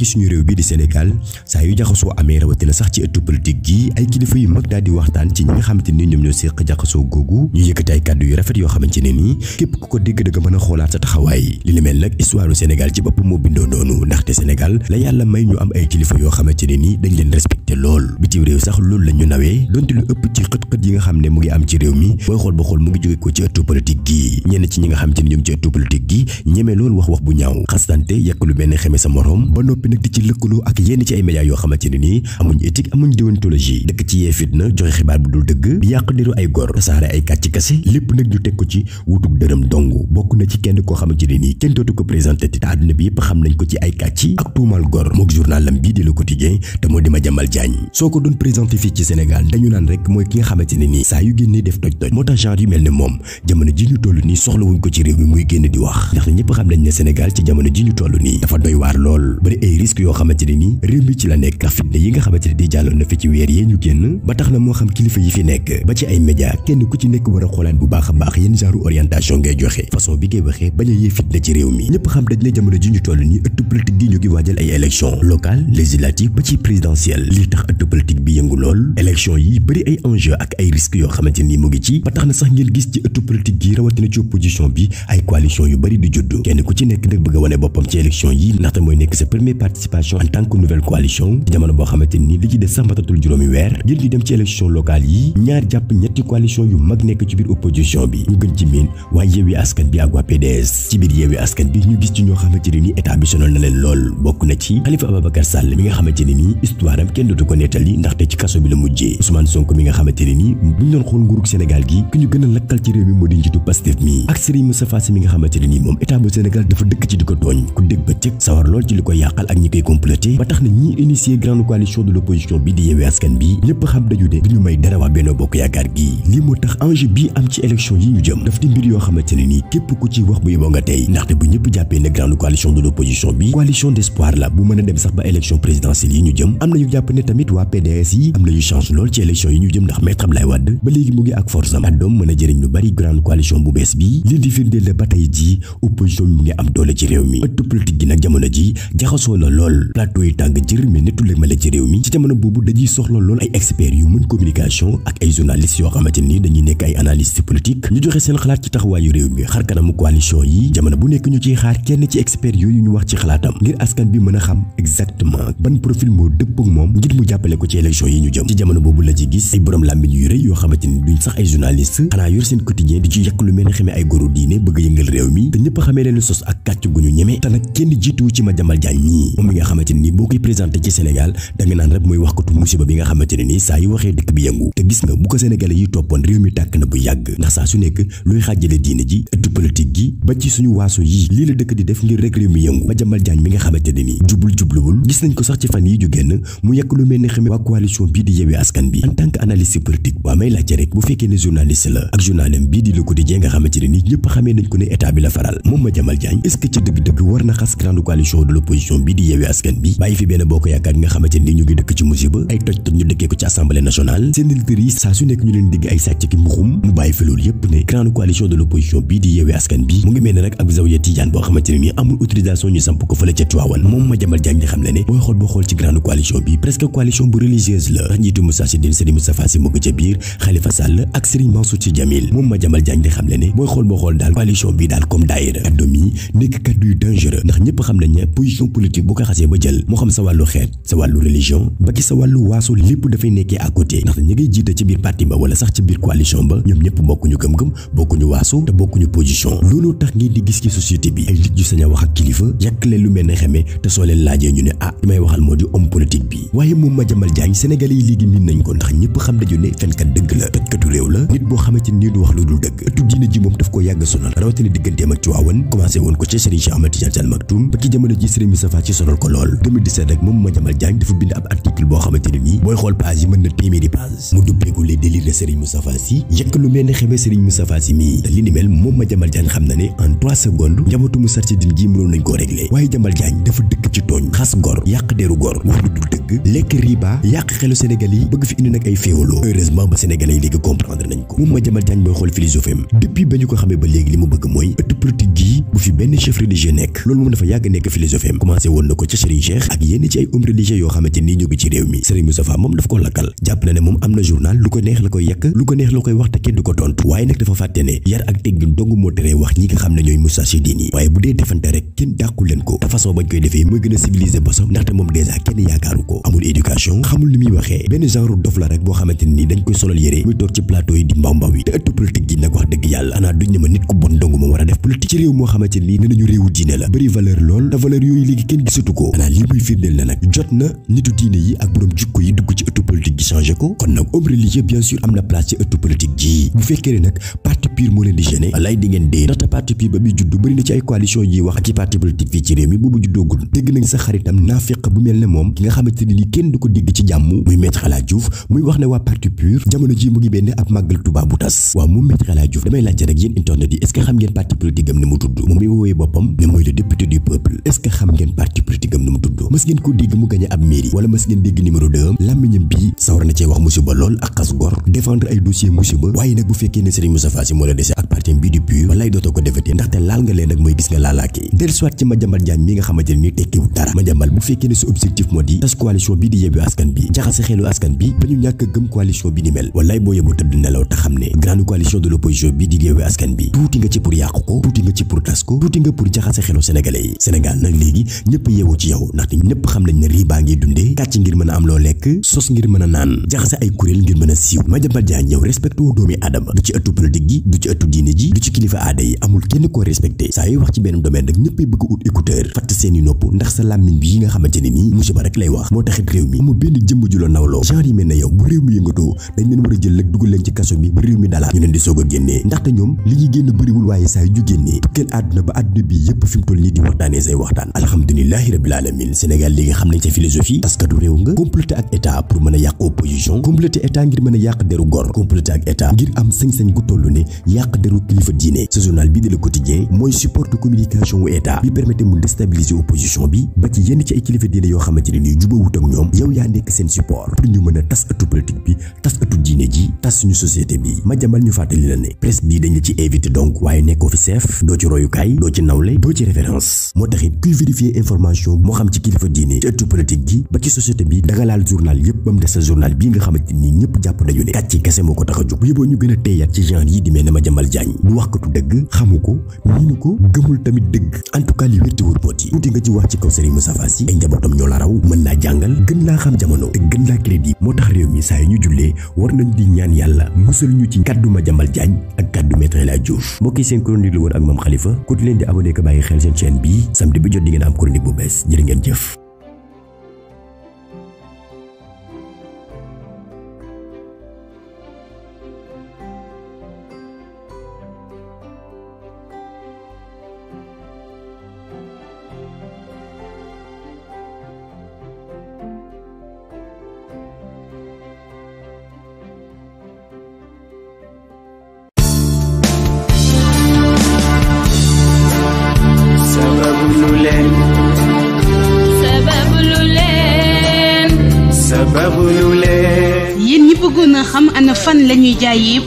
ci suñu réew bii di Sénégal saa yu jaxasoo amee rawatina sax ci ëttu politique gi ay kilifa yu mag daal di waxtaan ci ñi nga xamante ni ñoom ñoo séq jaxasoo googu ñu yëkkati ay kàddu yu rafet yoo xamante ne nii képp ku ko dégg dëgg mën a xoolaat sa taxawaay li li mel nag histoire du Sénégal ci bopp moo bindoo noonu ndaxte Sénégal la yàlla may ñu am ay kilifa yoo xamante ne nii dañ leen respecté lool bitim réew sax loolu la ñu nawee donte lu ëpp ci xët-xët yi nga xam ne mu ngi am ci réew mi booy xool mu ko ci ëttu politique gi ñenn ci ñi nga xamante ni ñoom ci ëttu politique gi ñemee loolu wax wax bu nag ci lëkkaloo ak yenn ci ay médias yoo xamante ne nii amuñ éthique amuñ déontologie dëkk ci yee fitna joxe xibaar bu dul dëgg di yàq deru ay gor tasaare ay kàcc kase lépp nag ñu teg ko ci wutug dërëm dong bokk na ci kenn koo xamante ne nii kenn dootu ko présenté te àdduna bi yëpp xam nañ ko ci ay kàcc ak tuumal gor mook journalam bii di Le Quotidien te moo di Madiambal Diagne soo ko doon présenté fii ci Sénégal dañu naan rek mooy ki nga xamante ne nii saa yu def toj moo tax genre yu mel ne moom jamono ji ñu toll nii soxlawuñ ko ci réew mi muy génn di wax ndax ñëpp xam nañ ne Sénégal ci jamono ji ñu toll nii dafa doy waar lool bari risque yo xamanteni ne ni réew mi ci la nek ndax fitna yi nga xamanteni ne di jàlloon na fi ci weer yee ñu genn ba taxna mo xam kilifa yi fi nek ba ci ay média kenn ku ci nek wara a bu baax baax yeen genre orientation ngay joxe façon bi ngay waxee baña a yee fitna ci réew mi xam dañ ne jamono ji ñu tollu ni ëttu politique gi ñu gi waajal ay élection locale législative ba ci présidentielle li tax ëttu politique bi yëngu lool élection yi bari ay enjeu ak ay risques yo xamanteni ni mu ngi ci ba taxna sax ngeen gis ci ëttu politique gi na ci opposition bi ay coalition yu bari di judd kenn ku ci nek nag bëgg a wane ci élection yi ndaxte moy nek sa premier participation en tant que nouvelle coalition ci boo xamante ni li ci des sax matatul weer ngir ñu yi ñaar jàpp ñetti coalition yu nekk ci biir opposition bi bi ak ci biir Yewwi bi ñu gis ñoo xamante ne ni état bi sonal na na ci Khalifa mi nga xamante ni histoire am kenn dootu ko nettali ndaxte ne ni bu ñu doon xool ci réew mi moo di njiitu Pastef xamante ne ni moom état bu Sénégal dafa dëkk ci di ko tooñ ku dégg ba cëg sawar lool ci li ko yàqal ak ñi initié grande coalition de l'opposition bi di yewé askan bi ñepp xam dañu de du ñu may dara waa Benno Bokk Yaakaar gi li tax bi am ci élection yi ñu jëm daf di mbir yoo képp ku ci wax bu bu grande coalition de l'opposition bi coalition d'espoir la bu mëna sax ba élection présidentielle yi ñu jëm am ñu japp né tamit wa PDS yi chance lool ci élection yi ñu jëm ndax maître Abdoulaye wad ba mu ak force am jëriñ bari grande coalition bu bees bi li di firndeel la bataille ji opposition mu ngi am ci réew mi politique gi jamono ji na lool plateau yi tàng jër mais nettu la ci réew mi ci jamono boobu dañuy soxla lool ay experts yu mën communication ak ay journalistes yoo xamante ni dañuy nekk ay analystes politique ñu joxe seen xalaat ci taxawaayu réew mi xar kanamu coalition yi jamono bu nekk ñu ciy xaar kenn ci experts yooyu ñu wax ci xalaatam ngir askan bi mën a xam exactement ban profil moo dëpp ak moom ngir mu jàppale ko ci élection yi ñu jëm ci jamono boobu la ci gis ay borom làmmiñ yu ni duñ ay journalistes seen quotidien di ci yàq lu mel ni xamee ay góoru diine bëgg yëngal réew mi te ñëpp xamee leen sos ak kàcc gu ci ma jamal jaañ ñii moom mi nga xamante ne nii boo koy présenté ci Sénégal da nga naan rek mooy waxkatu musiba bi nga xamante nii saa yu waxee dëkk bi yëngu te gis nga bu ko sénégalais yi toppoon réew mi tàkk na bu yàgg ndax saa su nekk luy xaajale diine ji ëttu politique gi ba ci suñu waaso yi lii la dëkk di def ngir rek réew mi yëngu ba Madiambal Diagne mi nga xamante ne nii jubul jubluwul gis nañ ko sax ci fan yi ju génn mu yàq lu mel ni xame waa coalition bii di Yewwi Askan ne journaliste la ak journalem bii di Le Quotidien bi di bi bàyyi fi benn bokk yaakaar nga xamante ni ñu ngi dëkk ci musiba ay toj toj ñu dëkkee ko ci assemblée nationale seen leader yi saa su nekk ñu leen digg ay sàcc ki mbuxum mu bàyyi fi loolu yépp ne grande coalition de l'opposition bii di yeewi askan bi mu ngi mel ne rek ak zawiya tijaan boo xamante ne amul autorisation ñu samp ko fële ca Tiwaawan moom ma jambal jàng di xam le ne booy xool boo xool ci grande coalition bi presque coalition boo ko xasee ba jël moo xam sa wàllu xeet sa wàllu religion ba ci sa wàllu waaso lépp dafay nekkee à côté ndaxte ñi ngay jiite ci biir parti ba wala sax ci biir coalition ba ñoom ñëpp bokkuñu gëm-gëm bokkuñu waaso te bokkuñu position looloo tax ngeen di gis ci société bi ay nit yu sañ a wax ak kilifa yàq leen lu mel ne xamee te soo leen laajee ñu ne ah li may waxal moo di homme politique bi waaye moom Madiambal Diagne sénégalais yi léegi miin ko ndax ñëpp xam dañu ne fenkat dëgg la tojkatu sonal ko lol 2017 rek mom ma jamal jang dafa bind ab article bo xamanteni ni boy xol page yi meun na téeméeri page mu dubbe ko les délires de Serigne Moustapha Sy yek lu melni xébé Serigne Moustapha Sy mi da li ni mel mom ma jamal jang xamna ne en 3 secondes njabootu mu sarti din ji mënoon nañ ko régler waye jamal jang dafa dëkk ci togn xas gor yàq deru gor wax lu dul dëgg lek riba yàq xelu Sénégal yi bëgg fi indi nak ay féwolo heureusement ba Sénégalais yi légui comprendre nañ ko mom ma jamal jang boy xol xool philosophiem depuis bañu ko xamé ba légui limu bëgg moy ëtt politique gi bu fi ben chef religieux nek lolou moom dafa yag nek nekk philosophiem commencé won na ko ca Serigne Cheikh ak yenn ci ay hommes religieux yoo xamante ni ñu ngi ci réew mi a civiliser ndaxte moom dèjà kenn yaakaaru ko amul éducation xamul ni muy waxee benn genre dof la rek boo xamante ni dañ koy solal yére muy toog ci plateau yi di mbaaw mbaaw yi te ëttu politique yi nag wax dëgg yàlla anaa duñ ne ma nit ku bon dong ma war a def politique ci réew moo xamante ni ne nañu réewu diine la bëri valeur lool te valeur yooyu léegi kenn gisu gisatu ko xanaa lii muy firndeel na nag jot na nitu diine yi ak borom jikko yi dugg ci ëttu politique gi changé ko kon nag homme religieux bien sûr am na place ci ëttu ji bu fekkee ne nag pur moo leen di gêné lay di ngeen dee ndaxte parti pur ba muy juddu bëri na ci ay coalition yiy wax ak ci parti politique fii ci réew mi boobu juddoogul dégg nañ sa xaritam naafiq bu mel ne moom ki nga xamante ne nii kenn du ko dégg ci jàmm muy Maître El Hadji Diouf muy wax ne waa parti pur jamono ji mu ngi benn ab màggal Tuubaa bu tas waaw moom Maître El Hadji Diouf damay laajte rek yéen internet yi est-ce que xam ngeen parti politique am ni mu tudd moom mi woowee boppam ne mooy le député du peuple est-ce que xam ngeen parti politique am ni mu tudd mas ngeen ko dégg mu gagné ab mairie wala mas ngeen dégg numéro 2 am làmmiñam bii sawar na cee wax musiba lool ak xas gor défendre ay dossier musiba waaye nag bu fekkee ne Serigne Moustapha Sy war a dese ak parti bi du pur walay dootoo ko defati ndaxte laal nga leen ak mooy gis nga laalaakee del soit ci Madiambal Diagne mi nga xamante ne jaxase xelu askan bi ba ñu ñàkk gëm coalition bi ni mel walay boo yebu tëdd nelaw te xam ne grande coalition de l'opposition bi di yebu askan bi tuuti nga ci pour yàqu ko tuuti nga ci pour tas ko tuuti nga pour jaxase xelu sénégalais yi nag léegi ñëpp yeewu ci yow ndaxte ñëpp xam ne rii baa ngi dundee gi ci ëttu diine ji du ci kilifa aada yi amul kenn koo respecté saa yuy wax ci benn domaine rek ñëppay bëgg ut écouteur fatt seeni nopp ndax sa làmmiñ bi yi nga xamante ne nii musiba rek lay wax moo taxit réew bu réew mi yëngatoo dañ leen war a jël rek dugal leen ci kaso bi bu réew mi dalaat ñu leen di soog a génnee ndaxte ñoom li ñuy génn bëriwul waaye saa yu ju génnee tukkeel àdduna ba àdduna bi yëpp fi toll nii di waxtaanee say waxtaan alhamdulilahi rabbil alamin Sénégal nga a yàq opposition complété état ngir mën a yàq ya deru kilifa diine ce journal bi de le quotidien moy support de communication wu état bi permettre mu déstabiliser opposition bi ba ci yenn ci ay kilifa diine yo xamanteni ne nii wut ak ñom yow ya nek sen support pour ñu mën a tas politique bi tas ëttu diine ji tas ñu société bi ma jamal ñu fàttali la ne presse bi dañ la ci inviter donc waaye nek fi do doo ci kay do ci nawlé do ci référence mo taxit kuy vérifier information mo xam ci kilifa diine ci atu politique gi ba ci société bi danga laal journal yépp bam dé des sa journal bi nga xamanteni ni japp jàpp nañu ne gàcce kese moo ko tax a jóg bu yóbboo ñu gëna téyat ci genre yi di mel ma Madiambal Diagne du waxkatu dëgg xamu ko miinu ko gëmul tamit dëgg en tout cas li wér te nga ci wax ci kaw Serigne Moustapha Sy ay njabootam ñoo la raw mën naa jàngal gën naa xam jamono te gën laa crédit moo tax réew mi saa yu ñu jullee war nañ di ñaan yàlla musal ñu ci kàddu Madiambal Diagne ak kàddu Maître El Hadji Diouf mbokki seen chronique la woon ak Mame Khalifa ku leen di abonné bàyyi xel seen chaîne bii samedi bi jot di ngeen am chronique bu bees xam ana fan la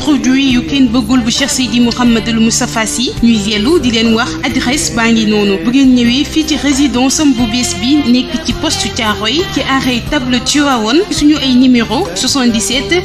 produit yu kenn bëggul bu Cheikh Seydi Mouhamadul Moustapha si ñuy yellu di leen wax adresse baa ngi noonu bu ngeen ñëwee fii ci résidence am bi nekk ci poste ci arrêt table suñu ay numéro 77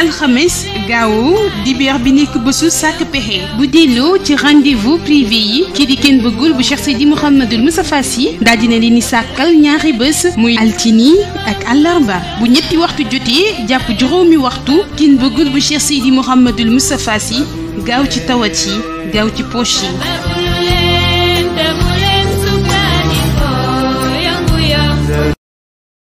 alxames gaawu dibéer bi nekk bésu sàkk pexe bu delloo ci rendez-vous privé yi kii di kenn bëggul bu Cheikh Seydi Mouhamadul Moustapha yi daal dina leen di sàkkal ñaari bés muy altini ak àllarba bu ñetti waxtu jotee jàpp juróomi waxtu kenn bëggul bu Cheikh Seydi Mouhamadul Moustapha Sy gaaw ci tawat yi gaaw ci poche yi